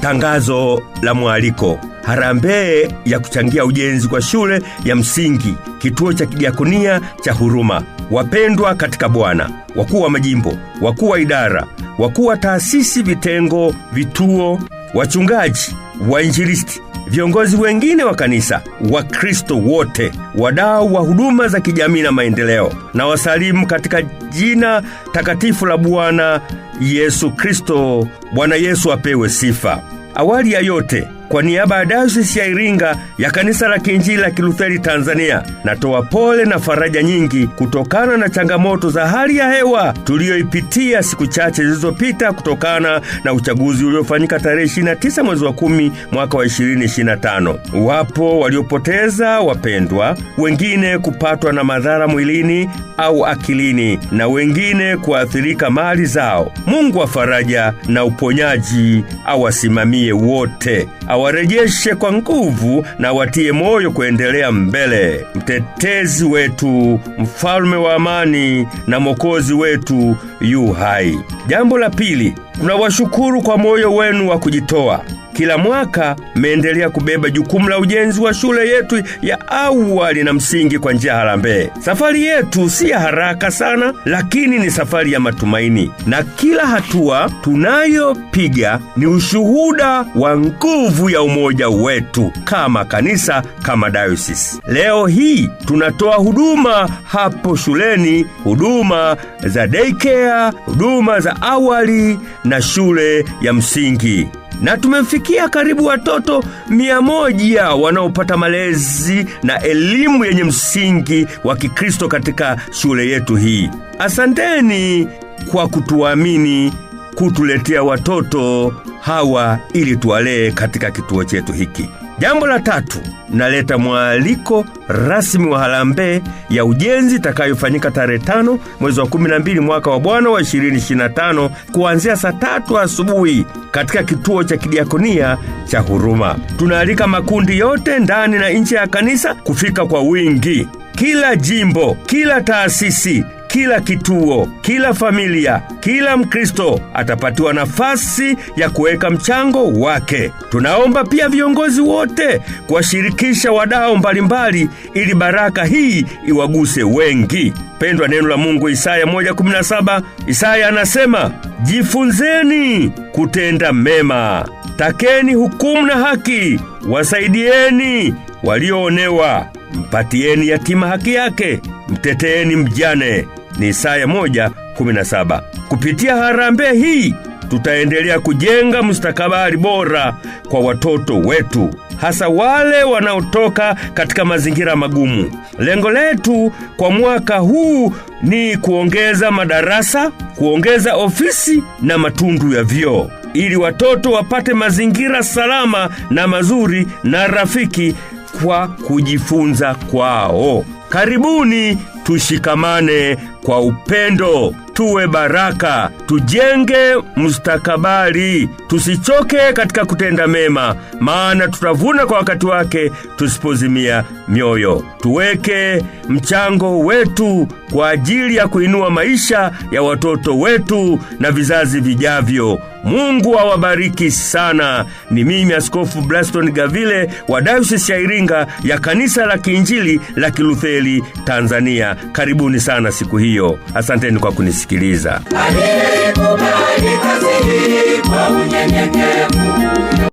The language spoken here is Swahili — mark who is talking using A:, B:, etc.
A: Tangazo la mwaliko harambee ya kuchangia ujenzi kwa shule ya msingi, kituo cha kidiakonia cha Huruma. Wapendwa katika Bwana, wakuu wa majimbo, wakuu wa idara, wakuu wa taasisi, vitengo, vituo, wachungaji, wainjilisti viongozi wengine wa kanisa, Wakristo wote, wadau wa huduma za kijamii na maendeleo, na wasalimu katika jina takatifu la Bwana Yesu Kristo. Bwana Yesu apewe sifa. Awali ya yote kwa niaba ya dayosisi ya Iringa ya Kanisa la Kiinjili la Kilutheri Tanzania, natoa pole na faraja nyingi kutokana na changamoto za hali ya hewa tuliyoipitia siku chache zilizopita kutokana na uchaguzi uliofanyika tarehe 29 mwezi wa 10 mwaka wa 2025. Wapo waliopoteza wapendwa, wengine kupatwa na madhara mwilini au akilini, na wengine kuathirika mali zao. Mungu wa faraja na uponyaji awasimamie wote awarejeshe kwa nguvu na watie moyo kuendelea mbele. Mtetezi wetu, mfalme wa amani na mwokozi wetu yu hai. Jambo la pili, tunawashukuru kwa moyo wenu wa kujitoa. Kila mwaka meendelea kubeba jukumu la ujenzi wa shule yetu ya awali na msingi kwa njia harambee. Safari yetu si ya haraka sana, lakini ni safari ya matumaini, na kila hatua tunayopiga ni ushuhuda wa nguvu ya umoja wetu kama kanisa, kama dayosisi. Leo hii tunatoa huduma hapo shuleni, huduma za daycare, huduma za awali na shule ya msingi na tumemfikia karibu watoto mia moja wanaopata malezi na elimu yenye msingi wa Kikristo katika shule yetu hii. Asanteni kwa kutuamini kutuletea watoto hawa ili tuwalee katika kituo chetu hiki. Jambo la tatu, naleta mwaliko rasmi wa harambee ya ujenzi itakayofanyika tarehe tano mwezi wa 12 mwaka wa Bwana wa 2025 kuanzia saa tatu asubuhi katika kituo cha kidiakonia cha Huruma. Tunaalika makundi yote ndani na nje ya kanisa kufika kwa wingi, kila jimbo, kila taasisi kila kituo, kila familia, kila Mkristo atapatiwa nafasi ya kuweka mchango wake. Tunaomba pia viongozi wote kuwashirikisha wadau mbalimbali ili baraka hii iwaguse wengi. Pendwa, neno la Mungu Isaya 1:17, Isaya anasema, jifunzeni kutenda mema, takeni hukumu na haki, wasaidieni walioonewa, mpatieni yatima haki yake, mteteeni mjane ni Isaya 1:17. Kupitia harambee hii tutaendelea kujenga mustakabali bora kwa watoto wetu, hasa wale wanaotoka katika mazingira magumu. Lengo letu kwa mwaka huu ni kuongeza madarasa, kuongeza ofisi na matundu ya vyoo ili watoto wapate mazingira salama na mazuri na rafiki kwa kujifunza kwao. Karibuni tushikamane kwa upendo, tuwe baraka, tujenge mustakabali, tusichoke katika kutenda mema, maana tutavuna kwa wakati wake tusipozimia mioyo. Tuweke mchango wetu kwa ajili ya kuinua maisha ya watoto wetu na vizazi vijavyo. Mungu awabariki wa sana. Ni mimi Askofu Blaston Gavile wa Dayosisi ya Iringa ya Kanisa la Kiinjili la Kilutheri Tanzania. Karibuni sana siku hiyo hiyo. Asanteni kwa kunisikiliza.